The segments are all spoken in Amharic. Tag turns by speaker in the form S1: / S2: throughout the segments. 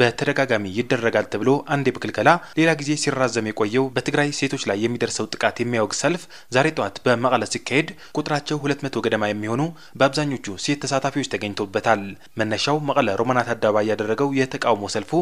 S1: በተደጋጋሚ ይደረጋል ተብሎ አንዴ በክልከላ ሌላ ጊዜ ሲራዘም የቆየው በትግራይ ሴቶች ላይ የሚደርሰው ጥቃት የሚያወግ ሰልፍ ዛሬ ጠዋት በመቀለ ሲካሄድ ቁጥራቸው ሁለት መቶ ገደማ የሚሆኑ በአብዛኞቹ ሴት ተሳታፊዎች ተገኝቶበታል። መነሻው መቀለ ሮማናት አደባባይ ያደረገው የተቃውሞ ሰልፉ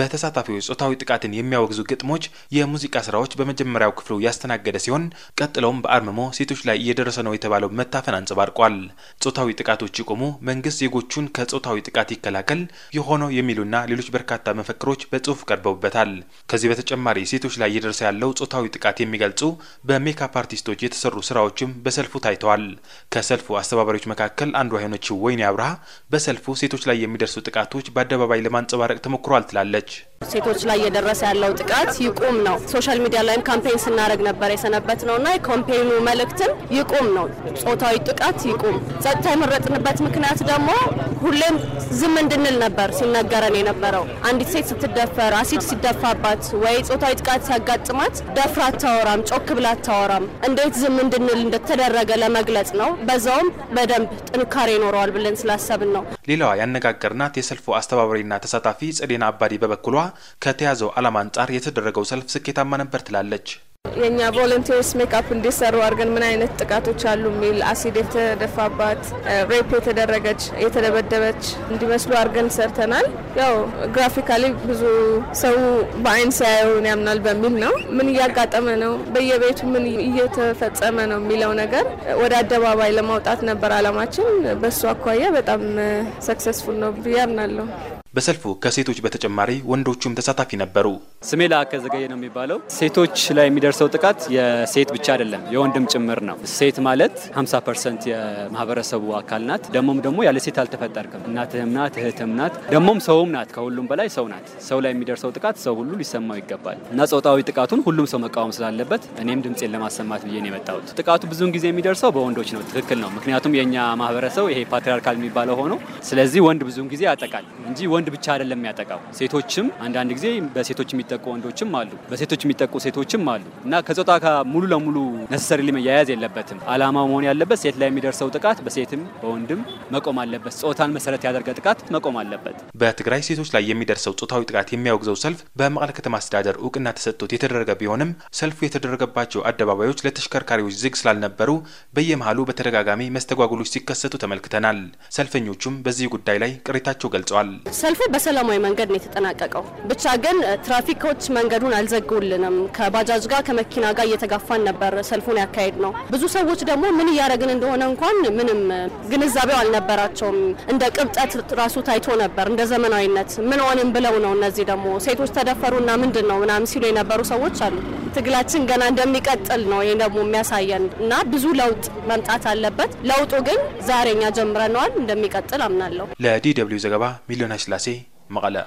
S1: በተሳታፊዎች ጾታዊ ጥቃትን የሚያወግዙ ግጥሞች፣ የሙዚቃ ስራዎች በመጀመሪያው ክፍሉ ያስተናገደ ሲሆን ቀጥለውም በአርምሞ ሴቶች ላይ እየደረሰ ነው የተባለው መታፈን አንጸባርቋል። ጾታዊ ጥቃቶች ይቆሙ፣ መንግስት ዜጎቹን ከጾታዊ ጥቃት ይከላከል የሆነው የሚሉና ሌሎች በርካታ መፈክሮች በጽሁፍ ቀርበውበታል። ከዚህ በተጨማሪ ሴቶች ላይ እየደረሰ ያለው ጾታዊ ጥቃት የሚገልጹ በሜካፕ አርቲስቶች የተሰሩ ስራዎችም በሰልፉ ታይተዋል። ከሰልፉ አስተባባሪዎች መካከል አንዷ የሆነችው ወይኔ አብርሃ በሰልፉ ሴቶች ላይ የሚደርሱ ጥቃቶች በአደባባይ ለማንጸባረቅ ተሞክሯል ትላለች።
S2: ሴቶች ላይ እየደረሰ ያለው ጥቃት ይቁም ነው። ሶሻል ሚዲያ ላይም ካምፔን ስናደረግ ነበር የሰነበት ነው እና የካምፔኑ መልእክትም ይቁም ነው፣ ጾታዊ ጥቃት ይቁም። ጸጥታ የመረጥንበት ምክንያት ደግሞ ሁሌም ዝም እንድንል ነበር ሲነገረን የነበረው። አንዲት ሴት ስትደፈር፣ አሲድ ሲደፋባት፣ ወይ ጾታዊ ጥቃት ሲያጋጥማት ደፍራ አታወራም፣ ጮክ ብላ አታወራም። እንዴት ዝም እንድንል እንደተደረገ ለመግለጽ ነው። በዛውም በደንብ ጥንካሬ ይኖረዋል ብለን ስላሰብን ነው።
S1: ሌላዋ ያነጋገርናት የሰልፉ አስተባባሪና ተሳታፊ ጽዴና አባዲ በበኩሏ ከተያዘው ዓላማ አንጻር የተደረገው ሰልፍ ስኬታማ ነበር ትላለች።
S2: የእኛ
S3: ቮለንቲርስ ሜካፕ እንዲሰሩ አድርገን ምን አይነት ጥቃቶች አሉ የሚል አሲድ የተደፋባት ሬፕ የተደረገች የተደበደበች እንዲመስሉ አድርገን ሰርተናል። ያው ግራፊካሊ ብዙ ሰው በአይን ሲያየውን ያምናል በሚል ነው። ምን እያጋጠመ ነው፣ በየቤቱ ምን እየተፈጸመ ነው የሚለው ነገር ወደ አደባባይ ለማውጣት ነበር አላማችን። በሱ አኳያ በጣም ሰክሰስፉል ነው ብዬ አምናለሁ።
S1: በሰልፉ ከሴቶች
S4: በተጨማሪ ወንዶቹም ተሳታፊ ነበሩ። ስሜ ለአከ ዘገየ ነው የሚባለው። ሴቶች ላይ የሚደርሰው ጥቃት የሴት ብቻ አይደለም የወንድም ጭምር ነው። ሴት ማለት 50 ፐርሰንት የማህበረሰቡ አካል ናት። ደግሞም ደግሞ ያለ ሴት አልተፈጠርክም። እናትህም ናት፣ እህትም ናት፣ ደግሞም ሰውም ናት። ከሁሉም በላይ ሰው ናት። ሰው ላይ የሚደርሰው ጥቃት ሰው ሁሉ ሊሰማው ይገባል እና ጾታዊ ጥቃቱን ሁሉም ሰው መቃወም ስላለበት እኔም ድምፄን ለማሰማት ብዬ ነው የመጣሁት። ጥቃቱ ብዙውን ጊዜ የሚደርሰው በወንዶች ነው። ትክክል ነው። ምክንያቱም የእኛ ማህበረሰብ ይሄ ፓትሪያርካል የሚባለው ሆኖ ስለዚህ ወንድ ብዙውን ጊዜ ያጠቃል እንጂ ወንድ ብቻ አይደለም ያጠቃው። ሴቶችም አንዳንድ ጊዜ በሴቶች የሚጠቁ ወንዶችም አሉ፣ በሴቶች የሚጠቁ ሴቶችም አሉ እና ከጾታ ጋር ሙሉ ለሙሉ ነሰሪ መያያዝ የለበትም። አላማው መሆን ያለበት ሴት ላይ የሚደርሰው ጥቃት በሴትም በወንድም መቆም አለበት። ጾታን መሰረት ያደረገ ጥቃት መቆም አለበት።
S1: በትግራይ ሴቶች ላይ የሚደርሰው ጾታዊ ጥቃት የሚያወግዘው ሰልፍ በመቀለ ከተማ አስተዳደር እውቅና ተሰጥቶት የተደረገ ቢሆንም ሰልፉ የተደረገባቸው አደባባዮች ለተሽከርካሪዎች ዝግ ስላልነበሩ በየመሃሉ በተደጋጋሚ መስተጓጉሎች ሲከሰቱ ተመልክተናል። ሰልፈኞቹም በዚህ ጉዳይ ላይ ቅሬታቸው ገልጸዋል።
S2: ሰልፉ በሰላማዊ መንገድ ነው የተጠናቀቀው። ብቻ ግን ትራፊክ ትራፊኮች መንገዱን አልዘጉልንም። ከባጃጅ ጋር ከመኪና ጋር እየተጋፋን ነበር ሰልፉን ያካሄድ ነው። ብዙ ሰዎች ደግሞ ምን እያደረግን እንደሆነ እንኳን ምንም ግንዛቤው አልነበራቸውም። እንደ ቅብጠት ራሱ ታይቶ ነበር፣ እንደ ዘመናዊነት ምን ሆንም ብለው ነው። እነዚህ ደግሞ ሴቶች ተደፈሩና ምንድን ነው ምናምን ሲሉ የነበሩ ሰዎች አሉ። ትግላችን ገና እንደሚቀጥል ነው ይህ ደግሞ የሚያሳየን እና ብዙ ለውጥ መምጣት አለበት። ለውጡ ግን ዛሬኛ ጀምረነዋል፣ እንደሚቀጥል አምናለሁ።
S1: ለዲ ደብልዩ ዘገባ ሚሊዮን ስላሴ መቀለ